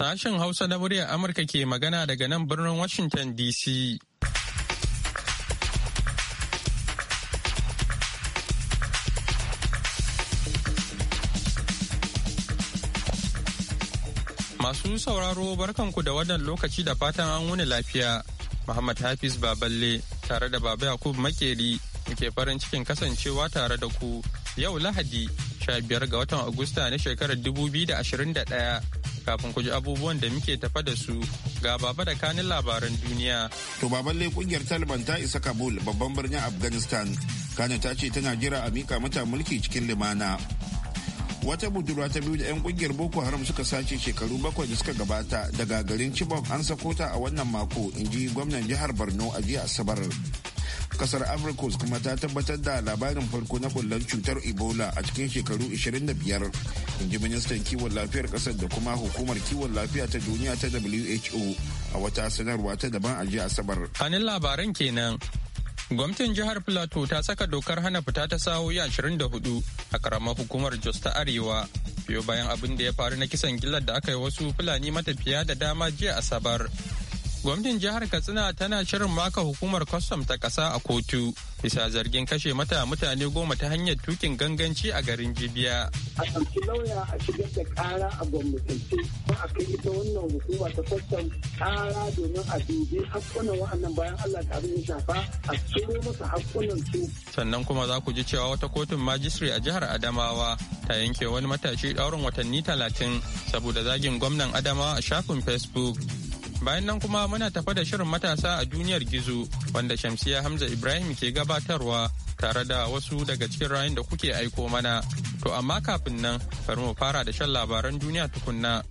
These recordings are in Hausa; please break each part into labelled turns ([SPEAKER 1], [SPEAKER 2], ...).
[SPEAKER 1] Sashen Hausa na muryar Amurka ke magana daga nan birnin Washington DC. Masu sauraro barkanku da wannan lokaci da fatan an wuni lafiya. Muhammad Hafiz Baballe tare da Baba Yakub Makeri muke farin cikin kasancewa tare da ku yau Lahadi 15 ga watan Agusta na shekarar 2021. kafin ku ji abubuwan da muke tafa da su ga baba da kanin labaran duniya. To baban lai kungiyar Taliban ta isa Kabul babban birnin Afghanistan. Kano ta
[SPEAKER 2] ce tana jira a mika mata mulki cikin limana. Wata budurwa ta biyu da 'yan kungiyar Boko Haram suka sace shekaru bakwai da suka gabata daga garin Chibok an sako ta a wannan mako in ji gwamnan jihar Borno a jiya Asabar. kasar amurka kuma ta tabbatar da labarin farko na bullar cutar ebola a cikin shekaru 25 inji ministan kiwon lafiyar kasar da kuma hukumar kiwon lafiya ta duniya ta who a wata sanarwa ta daban a jiya asabar
[SPEAKER 1] hannun labaran kenan gwamnatin jihar plateau ta saka dokar hana fita ta sa'o'i 24 a karamar hukumar jos ta arewa biyo bayan abin da ya faru na kisan gillar da aka yi wasu fulani matafiya da dama jiya asabar Gwamnatin jihar Katsina tana shirin maka hukumar kwastam ta ƙasa a kotu bisa zargin kashe mata mutane goma ta hanyar tukin ganganci a garin Jibiya. A
[SPEAKER 3] ɗauki lauya a shigar da ƙara a gwamnatance ba a kai ita wannan hukuma ta kwastam ƙara domin a dubi hakkunan wa'annan bayan Allah ta abin ya shafa a ciro masa hakkunan su.
[SPEAKER 1] Sannan kuma za ku ji cewa wata kotun majistri a jihar Adamawa ta yanke wani matashi ɗaurin watanni talatin saboda zagin gwamnan Adamawa a shafin Facebook. Bayan nan kuma muna tafa da shirin matasa a duniyar gizo wanda Shamsiya Hamza Ibrahim ke gabatarwa tare da wasu daga cikin rayun da kuke aiko mana. To amma kafin nan bari mu fara da shan labaran duniya tukunna.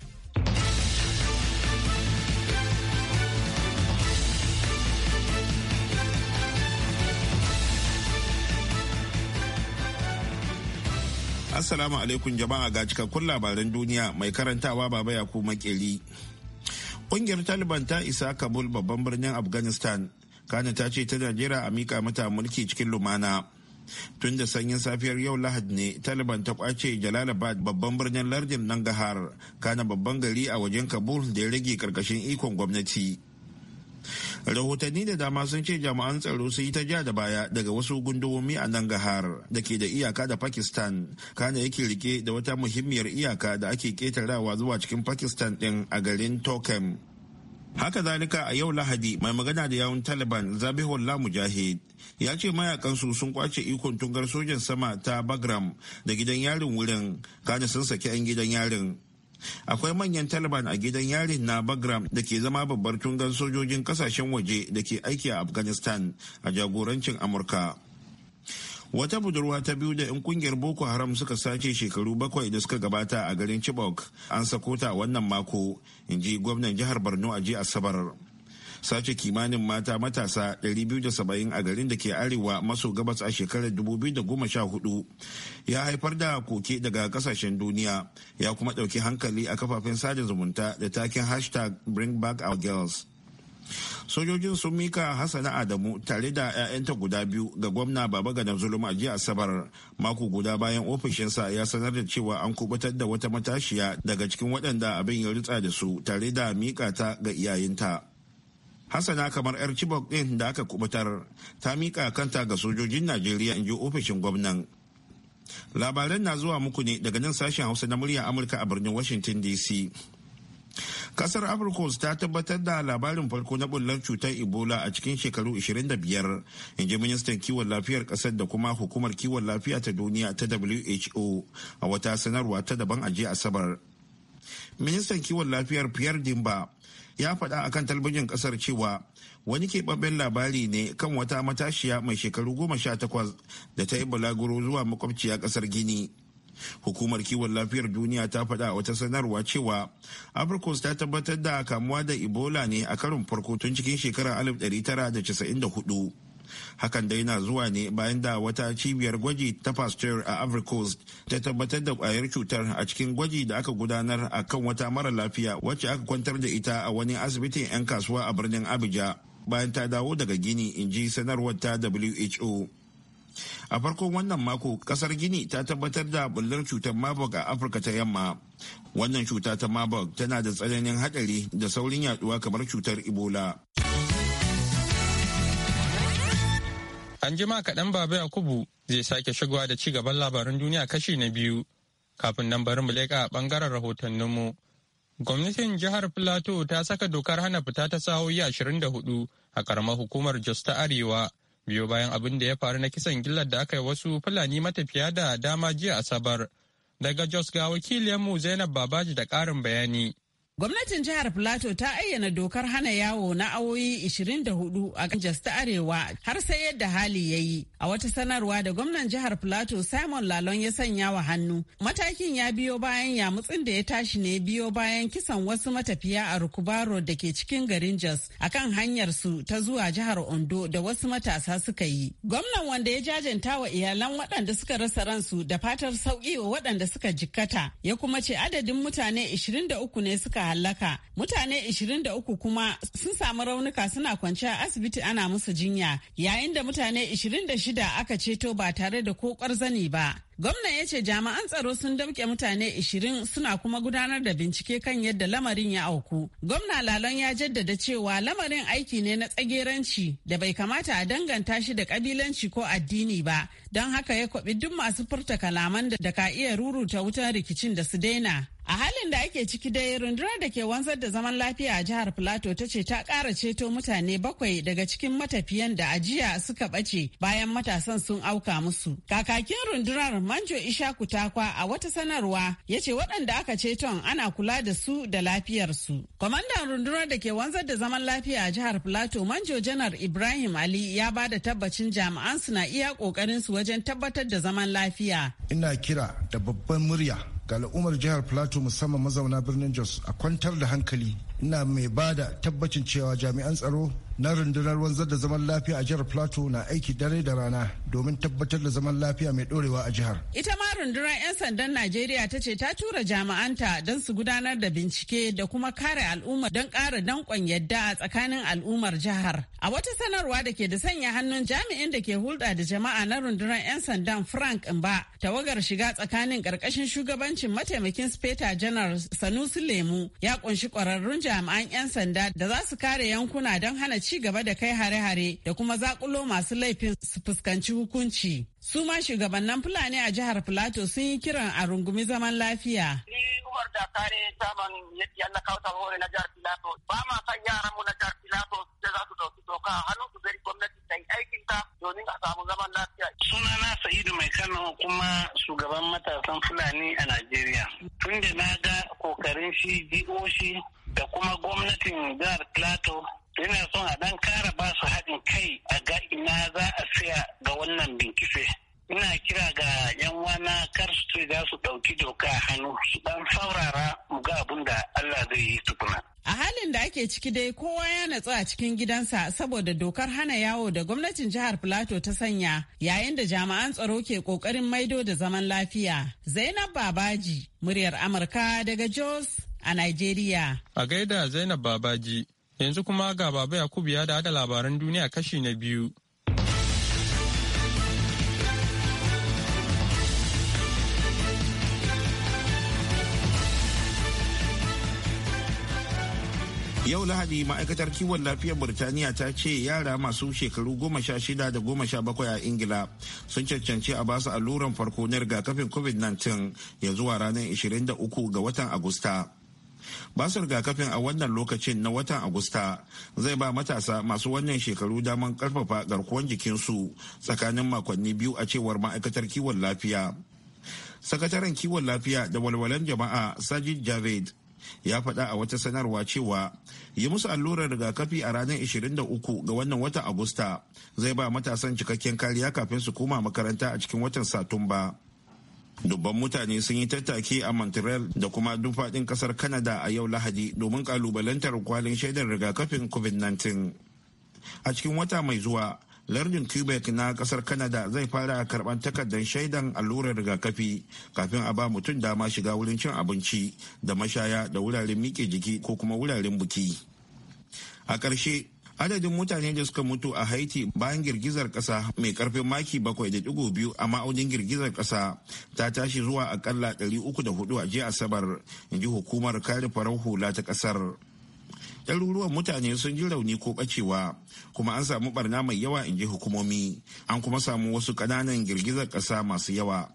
[SPEAKER 2] Assalamu alaikum jama'a ga cikakkun labaran duniya mai karantawa baba ya makeri. Ƙungiyar Taliban ta isa Kabul babban birnin Afghanistan. Kana ta ce tana jira a mika mata mulki cikin lumana. Tun da sanyin safiyar yau lahadi ne, Taliban ta kwace Jalalabad babban birnin lardin Nangarhar, kana babban gari a wajen Kabul da ya rage ƙarƙashin ikon gwamnati. rahotanni da dama sun ce jami'an tsaro sun yi ta ja da baya daga wasu gundumomi a nan gahar da ke da iyaka da pakistan kana yake rike da wata muhimmiyar iyaka da ake ketarawa zuwa cikin pakistan din a garin tokem haka zalika a yau lahadi mai magana da yawun taliban zabihullah mujahid ya ce mayakansu sun kwace ikon tungar sojan sama ta bagram da gidan yarin wurin kana sun saki 'yan gidan yarin akwai manyan taliban a gidan yarin na bagram da ke zama babbar tungan sojojin kasashen waje da ke aiki a afghanistan a jagorancin amurka wata budurwa ta biyu da 'yan kungiyar boko haram suka sace shekaru bakwai da suka gabata a garin chibok an sako ta wannan mako in ji gwamnan jihar borno a jiya asabar sace kimanin mata matasa 270 a garin da ke arewa maso gabas a shekarar 2014 ya haifar da koke daga kasashen duniya ya kuma ɗauki hankali a kafafen sada zumunta da takin hashtag bring back our girls sojojin sun mika hassana adamu tare da 'ya'yanta guda biyu ga gwamna baba gadan zulum a jiya asabar mako guda bayan ofishinsa ya sanar da cewa an kubutar da wata matashiya daga cikin waɗanda abin ya rutsa da su tare da mika ta ga iyayenta hassana kamar 'yar chibok din da aka kubutar ta mika kanta ga sojojin najeriya in ji ofishin gwamnan labaran na zuwa muku ne daga nan sashen hausa na murya amurka a birnin washington dc kasar africos ta tabbatar da labarin farko na bullar cutar ebola a cikin shekaru 25 in ji ministan kiwon lafiyar kasar da kuma hukumar kiwon lafiya ta duniya ta who a wata sanarwa ta daban a asabar ministan kiwon lafiyar pierre dimba ya faɗa a kan talbijin ƙasar cewa wani keɓaɓɓen labari ne kan wata matashiya mai shekaru goma sha takwas da ta yi balaguro zuwa makwabciya ƙasar gini hukumar kiwon lafiyar duniya ta faɗa wata sanarwa cewa afirkos ta tabbatar da kamuwa da ebola ne a karin farko tun cikin shekarar 1994 hakan dai na zuwa ne bayan da wata cibiyar gwaji ta pasteur a ivory coast ta tabbatar da kwayar cutar a cikin gwaji da aka gudanar a kan wata mara lafiya wacce aka kwantar da ita a wani asibitin 'yan kasuwa a birnin abuja bayan ta dawo daga gini in ji sanarwar ta who a farkon wannan mako kasar gini ta tabbatar da bullar cutar marburg a afirka ta yamma wannan cuta ta marburg tana da tsananin hadari da saurin yaduwa kamar cutar ebola
[SPEAKER 1] An jima kaɗan Baba Yakubu zai sake shigowa da ci gaban labaran duniya kashi na biyu. Kafin nan bari mu leƙa a ɓangaren rahotanninmu. Gwamnatin jihar Filato ta saka dokar hana fita ta sahoyi ashirin da hudu a ƙaramar hukumar Jos ta Arewa. Biyo bayan abin da ya faru na kisan gillar da aka yi wasu Fulani matafiya da dama jiya Asabar. Daga Jos ga wakiliyanmu Zainab Babaji da ƙarin bayani.
[SPEAKER 4] Gwamnatin jihar Filato ta ayyana dokar hana yawo na awoyi 24 a Jos ta Arewa har sai yadda hali ya yi. A wata sanarwa da gwamnan jihar Filato Simon Lalon ya sanya wa hannu. Matakin ya biyo bayan yamutsin da ya tashi ne biyo bayan kisan wasu matafiya a Rukubaro da ke cikin garin Jos a kan hanyarsu ta zuwa jihar Ondo da wasu matasa suka yi. Gwamnan wanda ya jajanta wa iyalan waɗanda suka rasa ransu da fatar sauki wa waɗanda suka jikkata ya kuma ce adadin mutane 23 ne suka hallaka. Mutane 23 kuma sun samu raunuka suna kwance a asibiti ana musu jinya, yayin da mutane 26 aka ceto ba tare da ko ƙwarzani ba. Gwamna ya ce jami'an tsaro sun dauke mutane 20 suna kuma gudanar da bincike kan yadda lamarin ya auku. Gwamna Lalon ya jaddada cewa lamarin aiki ne na tsageranci da bai kamata a danganta shi da kabilanci ko addini ba, don haka ya kwabi duk masu furta kalaman da ka iya ruruta wutar rikicin da su daina. a halin da ake ciki dai rundunar da ke wanzar da zaman lafiya a jihar plateau ta ce ta kara ceto mutane bakwai daga cikin matafiyan da ajiya suka bace bayan matasan sun auka musu kakakin rundunar Manjo Ishaku Takwa a wata sanarwa ya ce waɗanda aka ceton ana kula da su da lafiyarsu. Kwamandan rundunar da ke wanzar da zaman lafiya a jihar Plateau Manjo Janar Ibrahim Ali ya ba da tabbacin jami'an su na iya ƙoƙarin su wajen tabbatar da zaman lafiya.
[SPEAKER 2] Ina kira da babban murya ga al'ummar jihar plateau musamman mazauna birnin jos a kwantar da hankali ina mai ba da tabbacin cewa jami'an tsaro
[SPEAKER 3] na rundunar wanzar da zaman lafiya a jihar plateau na aiki dare da rana domin tabbatar da zaman
[SPEAKER 2] lafiya mai dorewa a jihar
[SPEAKER 4] ita ma rundunar 'yan sandan najeriya ta ce ta tura jami'anta don su gudanar da bincike da kuma kare al'umma don ƙara danƙon yadda a tsakanin al'ummar jihar a wata sanarwa da ke da sanya hannun jami'in da ke hulɗa da jama'a na rundunar 'yan sandan frank mba tawagar shiga tsakanin ƙarƙashin shugabanci jagorancin mataimakin speta janar Sanusi Lemu ya kunshi kwararrun jami'an 'yan sanda da za su kare yankuna don hana ci gaba da kai hare-hare da kuma zakulo masu laifin su fuskanci hukunci. Su ma shugabannin Fulani a jihar Filato sun yi kiran a rungumi zaman lafiya.
[SPEAKER 5] Ni uwar da kare saman yadda Allah kautar hore na jihar Filato. Ba ma san yaran mu na jihar Filato da za
[SPEAKER 3] su dauki doka hannun su zai gwamnati ta yi aikin ta domin a samu zaman lafiya. Suna na Sa'idu Mai Kano kuma shugaban matasan Fulani a Najeriya. Tun da na ga kokarin shi ji'o shi da kuma gwamnatin jihar plateau yana son a dan kara ba su haɗin kai a ga ina za a siya ga wannan binkise ina kira ga yan wana kar su za su ɗauki doka a hannu su dan saurara mu ga abin da allah zai yi tukuna
[SPEAKER 4] a halin da ake ciki dai kowa ya natsu a cikin gidansa saboda dokar hana yawo da gwamnatin jihar plateau ta sanya yayin da jami'an tsaro ke kokarin maido da zaman lafiya zainab babaji muryar amurka daga jos a Najeriya.
[SPEAKER 1] A gaida Zainab Babaji, yanzu kuma ga Baba yakub ya da labaran duniya kashi na biyu.
[SPEAKER 2] yau lahadi ma'aikatar kiwon lafiyar birtaniya ta ce yara masu shekaru goma sha shida da goma sha bakwai a ingila sun cancanci a basu alluran farko na rigakafin covid-19 ya zuwa ranar 23 ga watan agusta ba su rigakafin a wannan lokacin na watan agusta zai ba matasa masu wannan shekaru daman karfafa garkuwan jikinsu tsakanin makonni biyu a cewar ma'aikatar kiwon lafiya sakataren kiwon lafiya da walwalan jama'a sajid javid ya faɗa a wata sanarwa cewa yi musu allurar rigakafi a ranar 23 ga wannan watan agusta zai ba matasan cikakken kariya kafin su koma makaranta a cikin watan satumba dubban mutane sun yi tattaki a montreal da kuma duk faɗin ƙasar canada a yau lahadi domin ƙalubalantar kwalin shaidar rigakafin covid-19 a cikin wata mai zuwa lardin quebec na ƙasar canada zai fara karɓar takardar shaidan allurar rigakafi kafin a ba mutum dama shiga wurin cin abinci da mashaya da wuraren miƙe jiki ko kuma wuraren buki a ƙarshe adadin mutane da suka mutu a haiti bayan girgizar kasa mai karfin maki 7.2 a ma'aunin girgizar kasa ta tashi zuwa akalla 304 a jiya asabar in ji hukumar kare farar hula ta kasar ɗaruruwan mutane sun ji rauni ko ɓacewa kuma an samu barna mai yawa in ji hukumomi an kuma samu wasu ƙananan girgizar ƙasa masu yawa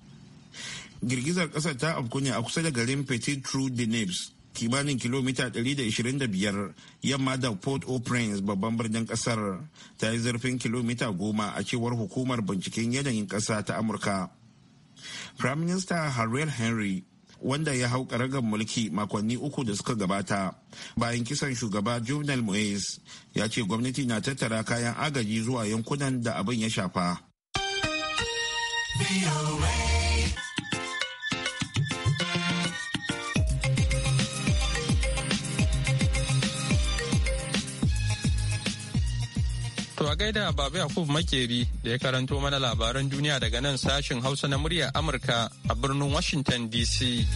[SPEAKER 2] girgizar ƙasar ta afku ne a kusa da garin petit trou de neves kimanin kilomita 125 yamma da port au prince babban birnin kasar ta yi zurfin kilomita goma a cewar hukumar binciken yanayin kasa ta amurka prime minister harriet henry wanda ya hau karagar mulki makonni uku da suka gabata bayan kisan shugaba juvenal moise ya ce gwamnati na tattara kayan agaji zuwa yankunan da abin ya shafa.
[SPEAKER 1] gaida Baba Yakub Makeri da ya karanto mana labaran duniya daga nan sashin Hausa na muryar Amurka a birnin Washington DC.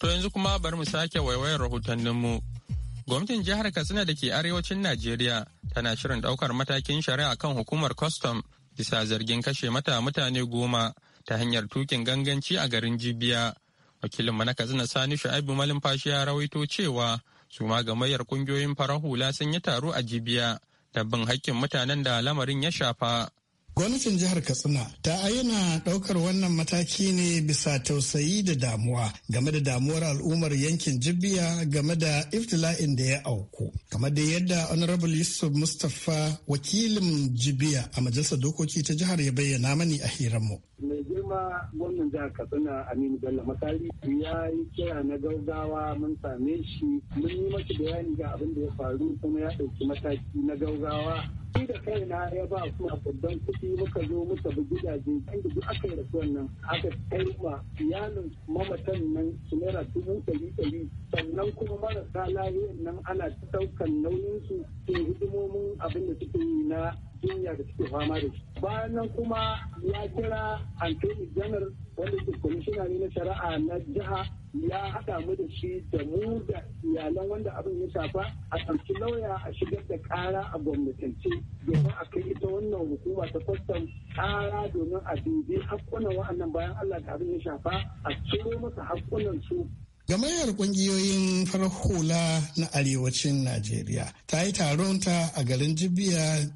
[SPEAKER 1] To yanzu kuma bari mu sake waiwayar rahotanninmu. Gwamnatin jihar Katsina da ke arewacin Najeriya tana shirin daukar matakin shari'a kan hukumar custom bisa zargin kashe mata mutane goma ta hanyar tukin ganganci a garin Jibiya. wakilin wakilinmu na katsina sani shu'aibu fashi ya rawaito cewa su ma gamayyar kungiyoyin farar hula sun yi taro a jibiya da bin hakkin mutanen da lamarin ya shafa
[SPEAKER 6] gwamnatin jihar katsina ta ayyana ɗaukar wannan mataki ne bisa tausayi da damuwa game da damuwar al'ummar yankin jibiya game da iftila'in da ya auku kamar da yadda honorable yusuf mustapha wakilin jibiya a majalisar dokoki ta jihar ya bayyana mani a hiranmu
[SPEAKER 3] mai girma gwamnan jihar katsina aminu bello masali ya yi kira na gaugawa mun same shi mun yi masa bayani ga abin da ya faru kuma ya ɗauki mataki na gaugawa shi da kaina ya ba su a babban kuɗi muka zo muka bi gidaje inda duk aka yi rasuwan aka kai ma iyalin mamatan nan su naira dubu ɗari ɗari sannan kuma marasa lahiyar nan ana ta ɗaukan nauyinsu su hidimomin abin da suke yi na jinyar da suke fama da shi bayan nan kuma ya kira antoni janar wanda ke kwamishina ne na shari'a na jiha ya haɗa mu da shi da mu da iyalan wanda abin ya shafa a ɗauki lauya a shigar da ƙara a gwamnatance domin a kai ita wannan hukuma ta kwastam ƙara domin a dubi hakkunan wa'annan bayan Allah da abin ya shafa a ciro masa hakkunan su
[SPEAKER 6] Gamayyar kungiyoyin farar hula na arewacin Najeriya ta yi ta a garin Jibiya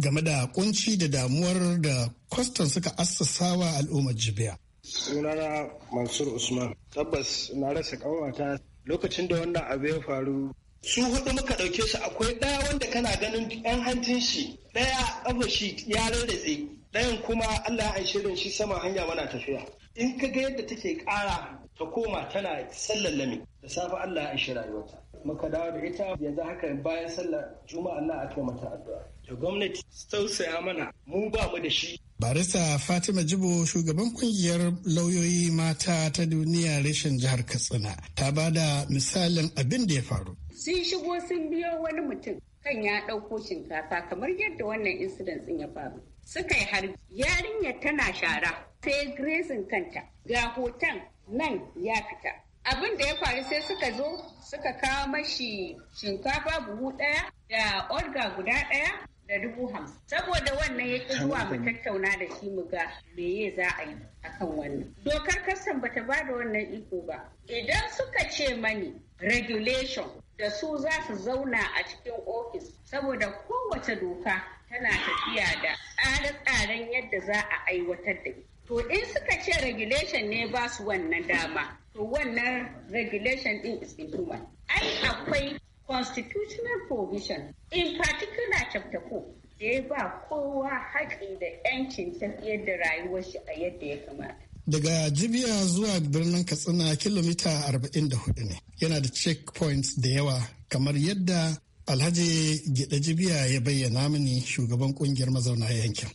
[SPEAKER 6] game da kunci da damuwar da kwastan suka assasawa al'ummar Jibiya.
[SPEAKER 3] sunana mansur usman tabbas na rasa kawata lokacin da wannan abu ya faru su hudu muka ɗauke su akwai ɗaya wanda kana ganin yan hantin shi ɗaya ƙafa shi ya rarratse ɗayan kuma allah ya shirin shi sama hanya mana tafiya in ka ga yadda take kara ta koma tana sallallami da safe allah ya shi rayuwarta muka dawo da ita yanzu haka bayan sallar juma'a na aka mata addu'a da gwamnati su tausaya mana mu ba mu da shi.
[SPEAKER 6] Barista Fatima Jibo shugaban kungiyar lauyoyi mata ta duniya reshen jihar Katsina ta ba da misalin abin da ya faru.
[SPEAKER 7] Sun shigo sun biyo wani mutum kan ya ɗauko shinkafa kamar yadda wannan incident ya faru. Suka yi harbi yarinyar tana shara sai grazing kanta ga hoton nan ya fita. Abin da ya faru sai suka zo suka kawo mashi shinkafa buhu ɗaya da orga guda ɗaya da dubu hamsin. Saboda wannan ya ƙi zuwa mu tattauna da shi mu ga meye za a yi akan wannan. Dokar kasan bata ba da wannan iko ba. Idan suka ce mani regulation da su za su zauna a cikin ofis saboda kowace doka tana tafiya da tsare-tsaren yadda za a aiwatar da ita. To in suka ce regulation ne ba su wannan dama, to wannan regulation din is inhuman. Ai akwai constitutional provision in particular chapter 4 da ya ba kowa haƙi da 'yancin tafiyar da rayuwar shi a yadda ya kamata.
[SPEAKER 6] Daga Jibiya zuwa birnin Katsina kilomita 44 ne. Yana da checkpoints da yawa kamar yadda Alhaji Gida Jibiya ya bayyana mini shugaban kungiyar mazauna yankin.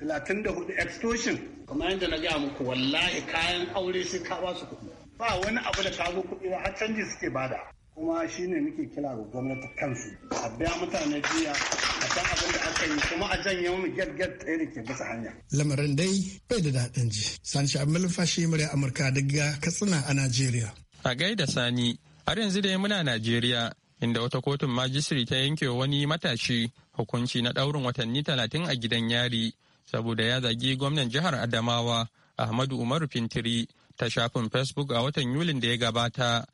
[SPEAKER 3] 34 extortion kamar yadda na gaya muku wallahi kayan aure sai ka ba su kuɗi. Ba wani abu da kago kuɗi ba har canji suke bada. kuma shine muke kira ga gwamnati kansu a biya mutane jiya a san abin da aka yi kuma a janye mu get get ɗaya ke bisa hanya.
[SPEAKER 6] lamarin dai bai da daɗin ji sani abin lufashi murya amurka daga katsina a najeriya.
[SPEAKER 1] a gaida sani har yanzu dai muna najeriya inda wata kotun majistri ta yanke wani matashi hukunci na ɗaurin watanni talatin a gidan yari saboda ya zagi gwamnan jihar adamawa ahmadu umaru fintiri ta shafin facebook a watan yulin da ya gabata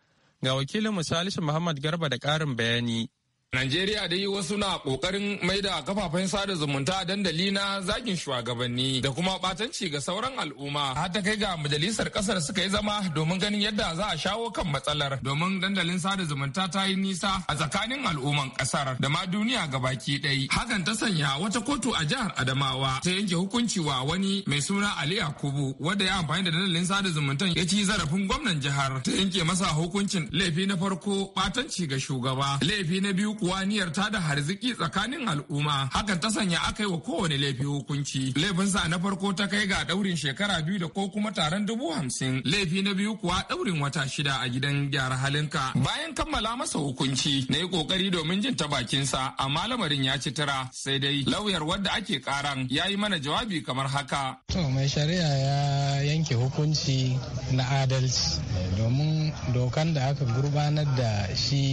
[SPEAKER 1] Ga wakilin Salisu Muhammad Garba da ƙarin bayani. Najeriya dai
[SPEAKER 8] wasu na kokarin maida kafafen sada zumunta dandali na zagin shugabanni da kuma batanci ga sauran al'umma har ta kai ga majalisar kasar suka yi zama domin ganin yadda za a shawo kan matsalar domin dandalin sada zumunta ta yi nisa a tsakanin al'umman kasar da ma duniya ga baki ɗaya. Hakan ta sanya wata kotu a jihar Adamawa ta yanke hukunci wa wani mai suna Ali Yakubu wanda ya amfani da dandalin sada zumunta ya ci zarafin gwamnan jihar ta yanke masa hukuncin laifi na farko batanci ga shugaba laifi na biyu kuwa ta da harziki tsakanin al'umma hakan ta sanya aka yi wa kowane laifi hukunci laifinsa na farko ta kai ga daurin shekara biyu da ko kuma taron dubu hamsin laifi na biyu kuwa daurin wata shida a gidan gyara halinka bayan kammala masa hukunci na yi kokari domin jin ta bakinsa amma lamarin ya ci tira sai dai lauyar wadda ake karan ya yi mana jawabi kamar haka.
[SPEAKER 6] to mai shari'a ya yanke hukunci na adalci domin dokan da aka gurbanar da shi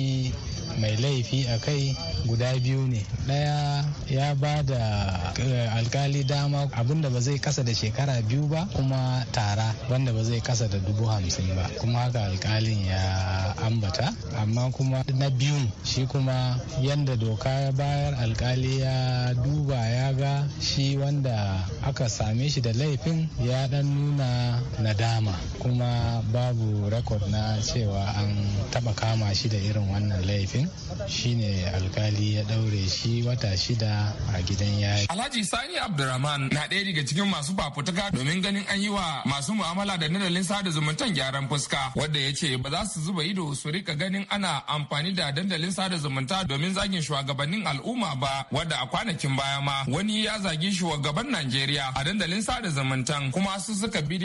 [SPEAKER 6] mai laifi a Kai guda biyu ne ɗaya ya ba da eh, alkali dama abinda ba zai kasa da shekara biyu ba kuma tara wanda ba zai kasa da dubu hamsin ba kuma haka alkalin ya ambata amma kuma na biyun shi kuma yadda doka ya bayar alkali ya duba ya ga shi wanda aka same shi da laifin ya dan nuna nadama kuma babu rekod na cewa an taba kama shi da irin wannan laifin shi. ne alkali ya daure shi wata shida a gidan yari.
[SPEAKER 8] Alhaji Sani Abdurrahman na ɗaya daga cikin masu fafutuka domin ganin an yi wa masu mu'amala da dandalin sada zumuntan gyaran fuska wadda ya ce ba za su zuba ido su rika ganin ana amfani da dandalin sada zumunta domin zagin shugabannin al'umma ba wadda a kwanakin baya ma wani ya zagi shugaban Najeriya a dandalin sada zumuntan kuma su suka bi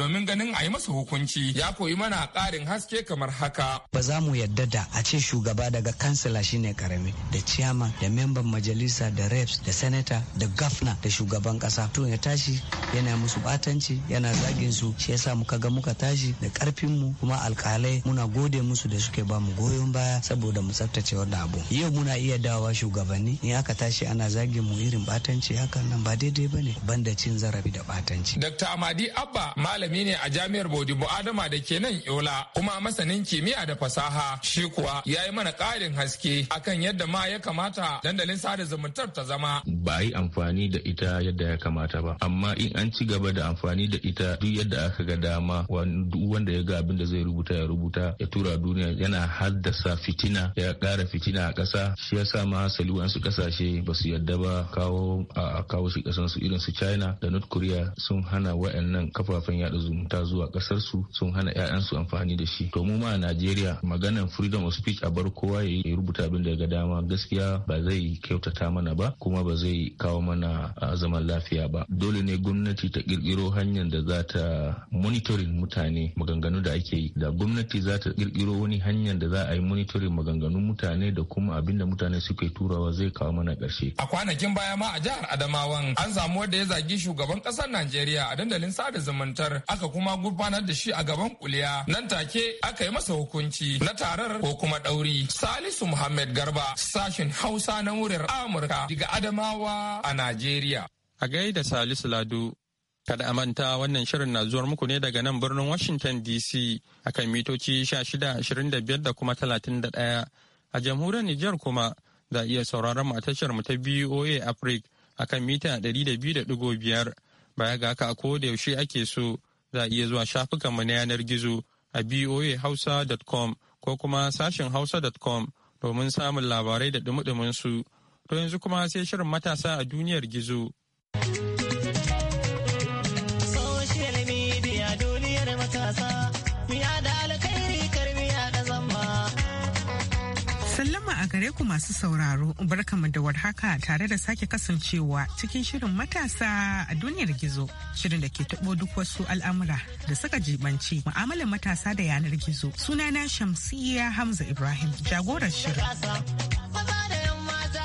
[SPEAKER 8] domin ganin a yi masa hukunci ya koyi mana ƙarin haske kamar haka.
[SPEAKER 7] Ba za mu yadda da a ce shugaba daga kansila shi shine karami da chairman da memban majalisa da reps da senator da gafna da shugaban kasa to ya tashi yana musu batanci yana zagin su shi yasa muka ga muka tashi da karfin mu kuma alkalai muna gode musu da suke ba mu goyon baya saboda mu tsaftace wannan abu yau muna iya dawowa shugabanni in aka tashi ana zagin mu irin batanci haka nan ba daidai bane banda cin zarafi da batanci
[SPEAKER 8] Dr. Amadi Abba malami ne a jami'ar Bodibo Adama da ke nan Yola kuma masanin kimiyya da fasaha shi kuwa ya yi mana ƙarin haske akan yadda ma ya kamata dandalin sada zumuntar ta zama. Ba yi amfani da ita yadda ya kamata ba, amma in an ci gaba da amfani da ita duk yadda aka ga dama duk wanda ya ga abin da zai rubuta ya rubuta ya tura duniya yana haddasa fitina ya ƙara fitina a ƙasa shi ya sa ma hasali wasu ƙasashe ba su yadda ba kawo a kawo shi ƙasansu irin su China da North Korea sun hana wa'annan kafafen yada zumunta zuwa ƙasarsu sun hana su amfani da shi. To mu ma a Najeriya maganan freedom of speech a bar kowa ya rubuta abin da ga dama gaskiya ba zai kyautata mana ba kuma ba zai kawo mana ah, zaman lafiya ba dole ne gwamnati ta kirkiro hanyar da za ta monitoring mutane maganganu da ake yi da gwamnati za ta kirkiro wani hanyar da za a yi monitorin maganganun mutane da kuma abin da mutane suke turawa zai kawo mana ƙarshe a kwanakin baya ma a jihar adamawan an samu wanda ya zagi shugaban kasar najeriya a dandalin sada zumuntar aka kuma gurfanar da shi a gaban kuliya nan take aka yi masa hukunci na tarar ko kuma dauri salisu muhammed. Ahmed Garba sashen Hausa na wurin Amurka daga Adamawa
[SPEAKER 1] a Najeriya. A gaida Salisu Lado, kada manta wannan shirin na zuwar muku ne daga nan birnin Washington DC akan mitoci 1625 da kuma 31 a jamhuriyar Nijar kuma za iya sauraron mu a tashar mu ta BOA Africa akan mita 200.5 baya ga haka ko da yaushe ake so za a iya zuwa shafukanmu na yanar gizo a boahausa.com ko kuma sashen hausa.com domin samun labarai da dumudumin su to yanzu kuma sai shirin matasa a duniyar gizo.
[SPEAKER 7] gare ku masu sauraro barkamu da warhaka tare da sake kasancewa cikin shirin matasa a duniyar gizo shirin da ke taɓo duk wasu al'amura da suka jibanci mu'amalar matasa da yanar gizo sunana shamsiyya hamza ibrahim jagorar shirin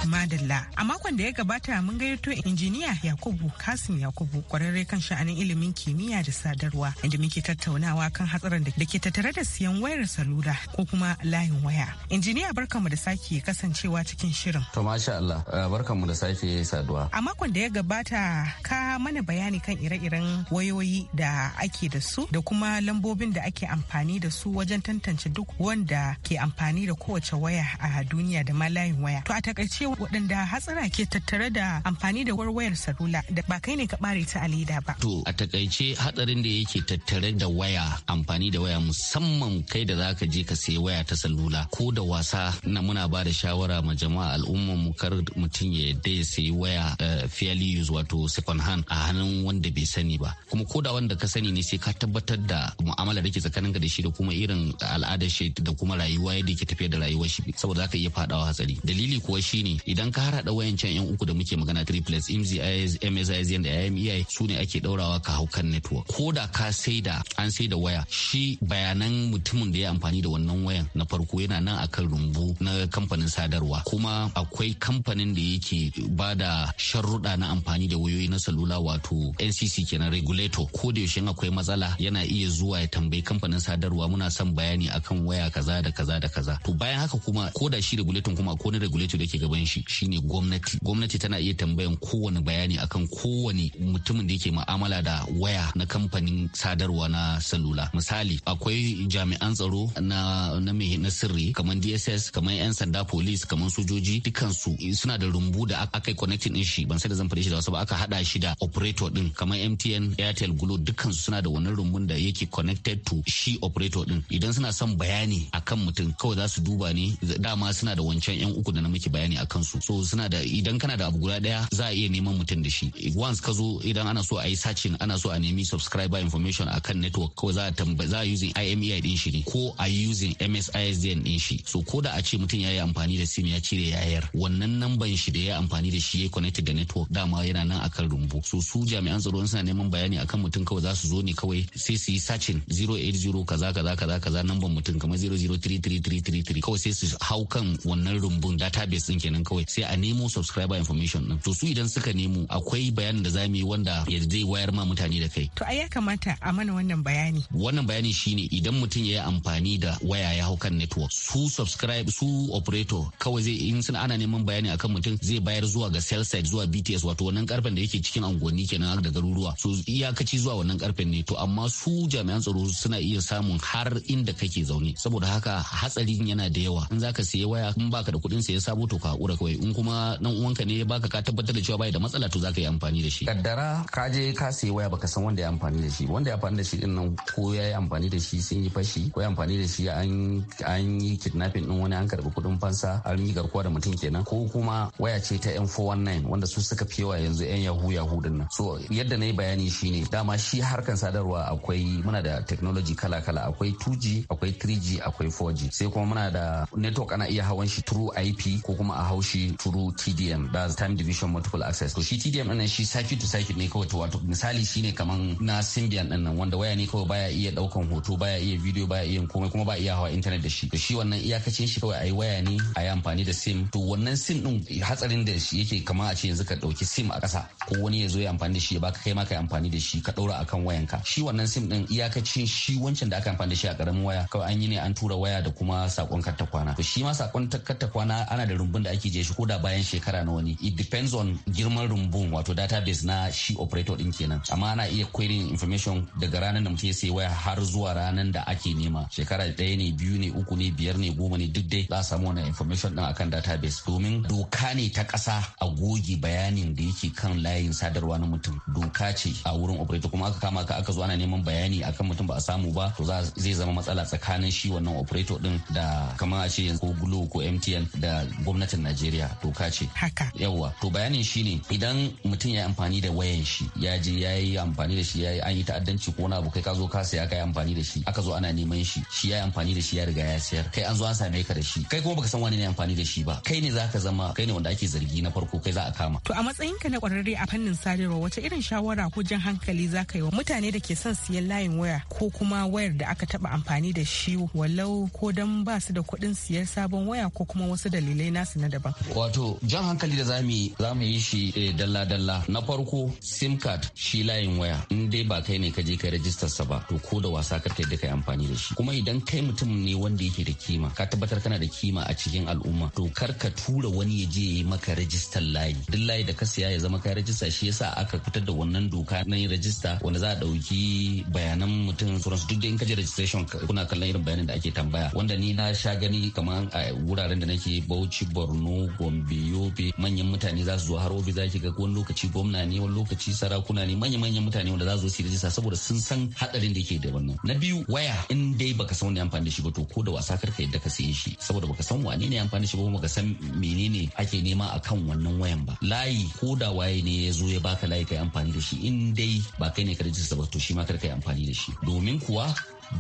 [SPEAKER 7] madalla. A makon da ya gabata mun gayyato injiniya Yakubu Kasim Yakubu kwararre kan sha'anin ilimin kimiyya da sadarwa inda muke tattaunawa kan hatsarin da ke tattare da siyan wayar salula ko kuma layin waya. Injiniya barkanmu da sake kasancewa cikin shirin.
[SPEAKER 5] To masha Allah eh, barkanmu da sake saduwa.
[SPEAKER 7] A makon da ya gabata ka mana bayani kan ire-iren wayoyi da ake da su da kuma lambobin da ake amfani da su wajen tantance duk wanda ke amfani da kowace waya a duniya da ma layin waya. To a takaice waɗanda hatsara ke tattare da amfani da warwayar salula da ba kai ne ka bare ta a leda ba.
[SPEAKER 5] To a takaice hatsarin da yake tattare da waya amfani da waya musamman kai da zaka je ka sayi waya ta salula ko da wasa na muna ba da shawara ma jama'a al'umman mu kar mutum ya yadda ya sayi waya eh, fairly used wato second hand a hannun wanda bai sani ba kuma ko da wanda ka sani ne sai ka tabbatar da mu'amala da ke tsakanin ka da shi da kuma irin al'adar shi da kuma rayuwa yadda ke tafiyar da rayuwar shi saboda zaka iya fadawa hatsari dalili kuwa shine idan ka harada can yan uku da muke magana triplets mzis msiz da imei e su ne ake daurawa ka hau kan network ko da ka da an sai da waya shi bayanan mutumin da ya amfani da wannan wayan na farko yana nan akan rumbu na kamfanin sadarwa kuma akwai kamfanin da yake ba da sharruɗa na amfani da wayoyi na salula wato ncc kenan regulator ko da yaushe akwai matsala yana iya zuwa ya tambayi kamfanin sadarwa muna son bayani akan waya kaza da kaza da kaza to bayan haka kuma ko da shi regulator kuma ko na regulator da ke gaban shi shi shine gwamnati gwamnati tana iya tambayan kowane bayani akan kowane mutumin da yake mu'amala da waya na kamfanin sadarwa na salula misali akwai jami'an tsaro na na mai na sirri kamar DSS kamar yan sanda police kamar sojoji dukkan su suna da rumbu da aka yi connecting din shi ban sai da zan fadi shi da wasu ba aka hada shi da operator din kamar MTN Airtel Glo dukkan su suna da wannan rumbun da yake connected to shi operator din idan suna son bayani akan mutum kawai za su duba ne dama suna da wancan yan uku da na miki bayani akan su su so suna da idan kana da abu guda daya za a iya neman mutum da shi once ka zo idan ana so a yi searching ana so a nemi subscriber information akan network kawai za a tamba za a using IMEI din e shi ne ko a using MSISDN din shi so ko da a ce mutum ya yi amfani da sim ya cire yayar wannan namban shi da ya amfani da shi ya connected da network dama yana nan akan rumbu so su jami'an tsaro suna neman bayani akan mutum kawai za su zo ne kawai sai su yi searching 080 kaza kaza kaza kaza namban mutum kamar 0033333 kawai sai su hau kan wannan rumbun database din kenan kawai kawai sai a nemo subscriber information din to su idan suka nemo akwai bayanin da zamu yi wanda ya zai wayar ma mutane da kai
[SPEAKER 7] to ai ya kamata a mana wannan bayani
[SPEAKER 5] wannan bayani shine idan mutum ya yi amfani da waya ya hau kan network su subscribe su operator kawai zai in sun ana neman bayani akan mutum zai bayar zuwa ga cell site zuwa BTS wato wannan karfen da yake cikin unguwanni kenan da garuruwa so iyakaci zuwa wannan karfen ne to amma su jami'an tsaro suna iya samun har inda kake zaune saboda haka hatsarin yana da yawa in zaka sayi waya in baka da kuɗin ya sabo to ka hakura kawai kawai in kuma nan uwanka ne baka ka tabbatar da cewa bai da matsala to zaka yi amfani da shi kaddara ka je ka sayi waya baka san wanda ya amfani da shi wanda ya amfani da shi din nan ko ya yi amfani da shi sun yi fashi ko ya amfani da shi an an yi kidnapping din wani an karbi kudin fansa an yi garkuwa da mutum kenan ko kuma waya ce ta M419 wanda su suka fiyewa yanzu yan yahu yahu din nan so yadda na yi bayani shine dama shi harkan sadarwa akwai muna da technology kala kala akwai 2G akwai 3G akwai 4G sai kuma muna da network ana iya hawan shi through IP ko kuma a haushi shi through TDM da time division multiple access to shi TDM din shi circuit to circuit ne kawai wato misali shine kaman na Symbian din nan wanda waya ne kawai baya iya daukan hoto baya iya video baya iya komai kuma ba iya hawa internet da shi to shi wannan iyakacin shi kawai ayi waya ne yi amfani da sim to wannan sim din hatsarin da shi yake kamar a ce yanzu ka dauki sim a ƙasa ko wani ya zo ya amfani da shi ya baka kai ma ka amfani da shi ka daura akan wayanka shi wannan sim din iyakacin shi wancan da aka amfani da shi a karamin waya kawai an yi ne an tura waya da kuma sakon karta kwana to shi ma sakon karta kwana ana da rumbun da ake ajiye shi koda bayan shekara na wani it depends on girman rumbun wato database na shi operator din kenan amma ana iya querying information daga ranar da mutum ya sayi waya har zuwa ranar da ake nema shekara ɗaya ne biyu ne uku ne biyar ne goma ne duk dai za a samu wannan information din akan database domin doka ne ta kasa a goge bayanin da yake kan layin sadarwa na mutum doka ce a wurin operator kuma aka kama ka aka zo ana neman bayani akan mutum ba a samu ba to zai zama matsala tsakanin shi wannan operator din da kamar a ce yanzu ko glo ko mtn da gwamnatin najeriya Najeriya doka ce. Haka. Yawwa to bayanin shi ne idan mutum ya yi amfani da wayan shi ya je ya yi amfani da shi ya yi an yi ta'addanci ko wani abu kai ka zo ka saya ka yi amfani da shi aka zo ana neman shi shi ya yi amfani da shi ya riga ya sayar kai an zo an same ka da shi kai kuma baka san wani ne amfani da shi ba kai ne ka zama kai ne wanda ake zargi na farko kai za a kama.
[SPEAKER 7] To a ka na kwararre a fannin sadarwa wata irin shawara ko jan hankali za ka yi wa mutane da ke son siyan layin waya ko kuma wayar da aka taba amfani da shi walau ko don ba su da kuɗin siyar sabon waya ko kuma wasu dalilai nasu na daban
[SPEAKER 5] Wato jan hankali da zamu zamu yi shi eh, dalla-dalla na farko sim card shi layin waya in dai ba kai ne ka je kai register sa ba to ko da wasa kar kai da kai amfani da shi kuma idan kai mutum ne wanda yake da kima ka tabbatar kana da kima a cikin al'umma to kar ka tura wani ya je yi maka register layi duk layi da ka siya ya zama kai register shi yasa aka fitar da wannan doka na yin rajista wanda za a dauki bayanan mutum sauransu duk da in ka je registration kuna kallon irin bayanan da ake tambaya wanda ni na sha gani kamar a wuraren da nake Bauchi Borno gombe yobe manyan mutane za su zo har obi za ki ga wani lokaci gwamna ne wani lokaci sarakuna ne manya manyan mutane wanda za su zo su rijista saboda sun san hadarin da ke da wannan na biyu waya in dai baka san wani amfani da shi ba to ko da wasa kar ka yadda ka siye shi saboda baka san wane ne amfani da shi ba kuma ka san menene ake nema akan wannan wayan ba layi ko da waye ne ya zo ya baka layi kai amfani da shi in dai ba kai ne ka rijista ba to shi ma kar ka yi amfani da shi domin kuwa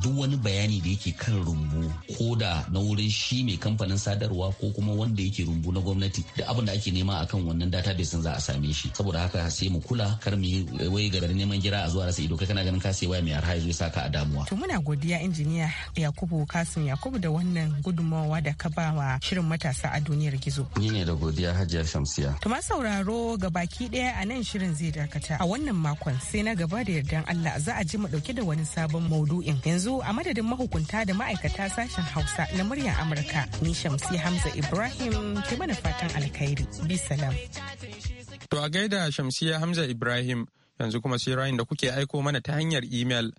[SPEAKER 5] duk wani bayani da yake kan rumbu ko da na wurin shi mai kamfanin sadarwa ko kuma wanda yake rumbu na gwamnati da abin da ake nema akan wannan data database za a same shi saboda haka sai mu kula kar mu yi wai garin neman gira a zuwa rasa ido kai kana ganin ka sai waya mai arha ya saka a damuwa
[SPEAKER 7] to muna godiya injiniya Yakubu Kasim Yakubu da wannan gudunmawa da ka ba wa shirin matasa a duniyar gizo
[SPEAKER 5] ni ne da godiya Hajiya Shamsiya
[SPEAKER 7] to ma sauraro baki daya a nan shirin zai dakata a wannan makon sai na gaba da yardan Allah za a ji mu dauke da wani sabon maudu'in yanzu a madadin mahukunta da ma'aikata sashen hausa na muryar amurka ni shamsi hamza ibrahim ke mana fatan alkhairi bisalam
[SPEAKER 1] to a gaida shamsiya hamza ibrahim yanzu kuma sai da kuke aiko mana ta hanyar imel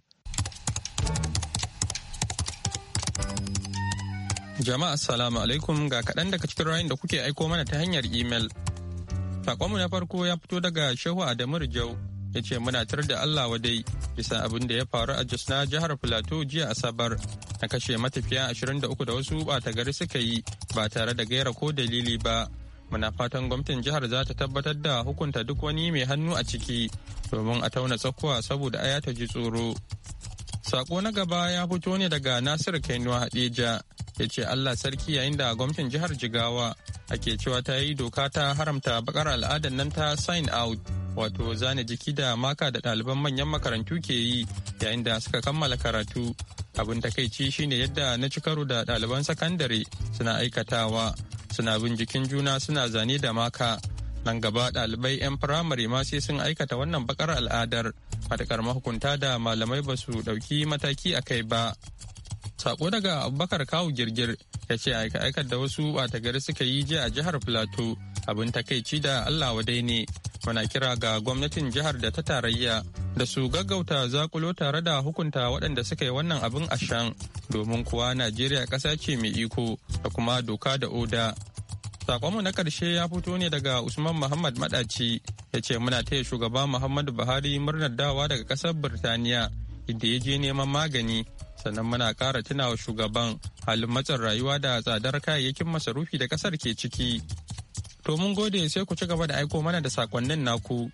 [SPEAKER 1] jama'a assalamu alaikum ga kaɗan daga cikin ra'ayin da kuke aiko mana ta hanyar imel sakonmu na farko ya fito daga shehu adamu rijau ya ce muna tar da Allah wadai bisa abin da ya faru a Jos jihar Filato jiya Asabar na kashe matafiya 23 da wasu bata gari suka yi ba tare da gaira ko dalili ba. Muna fatan gwamnatin jihar za ta tabbatar da hukunta duk wani mai hannu a ciki domin a tauna tsakuwa saboda aya ta ji tsoro. Sako na gaba ya fito ne daga Nasir Kainuwa Hadeja ya ce Allah sarki yayin da gwamnatin jihar Jigawa ake cewa ta yi doka ta haramta bakar al'adar nan ta sign out wato zane jiki da maka da ɗaliban manyan makarantu ke yi yayin da suka kammala karatu abin takaici shine yadda na ci karo da ɗaliban sakandare suna aikatawa suna bin jikin juna suna zane da maka nan gaba ɗalibai 'yan firamare ma sai sun aikata wannan bakar al'adar matakar mahukunta da malamai ba su ɗauki mataki a kai ba sako daga abubakar kawu girgir ya ce aika aikar da wasu ɓata gari suka yi jiya a jihar plateau abin takaici da allah wa ne muna kira ga gwamnatin jihar da ta tarayya da su gaggauta zakulo tare da hukunta waɗanda suka yi wannan abin ashan domin kuwa najeriya ƙasa ce mai iko da kuma doka da oda Sakonmu na ƙarshe ya fito ne daga Usman Muhammad Madaci ya ce muna taya shugaba Muhammadu Buhari murnar dawa daga ƙasar Birtaniya inda ya je neman magani sannan muna ƙara tunawa shugaban halin matsin rayuwa da tsadar kayayyakin masarufi da ƙasar ke ciki. To mun gode sai ku ci gaba da aiko mana da sakonnin naku.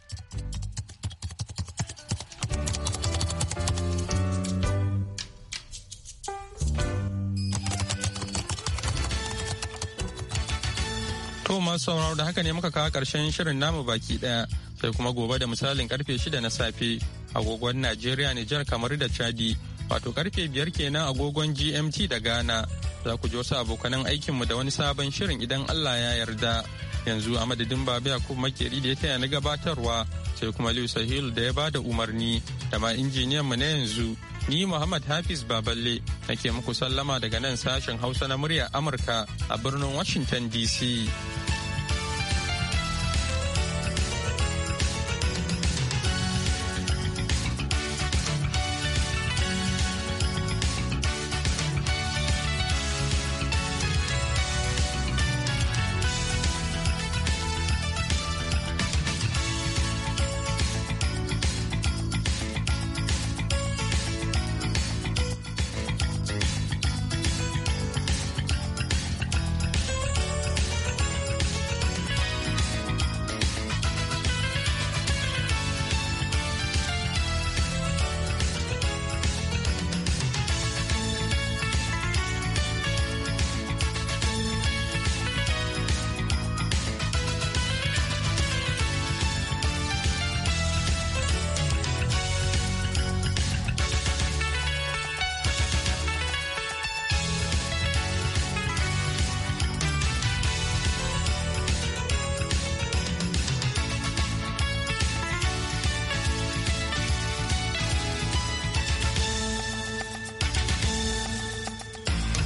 [SPEAKER 1] To masu sauraro da haka ne muka kawo ƙarshen shirin namu baki ɗaya sai kuma gobe da misalin karfe shida na safe agogon Najeriya Nijar kamar da Chadi wato karfe biyar kenan agogon GMT da Ghana za ku ji wasu abokanan aikinmu da wani sabon shirin idan Allah ya yarda. yanzu a madadin babu yakub makeri da ya taya na gabatarwa sai kuma liu sahil da ya ba da umarni da ma injiniyan mu na yanzu ni muhammad hafiz baballe nake muku sallama daga nan sashen hausa na murya amurka a birnin washington dc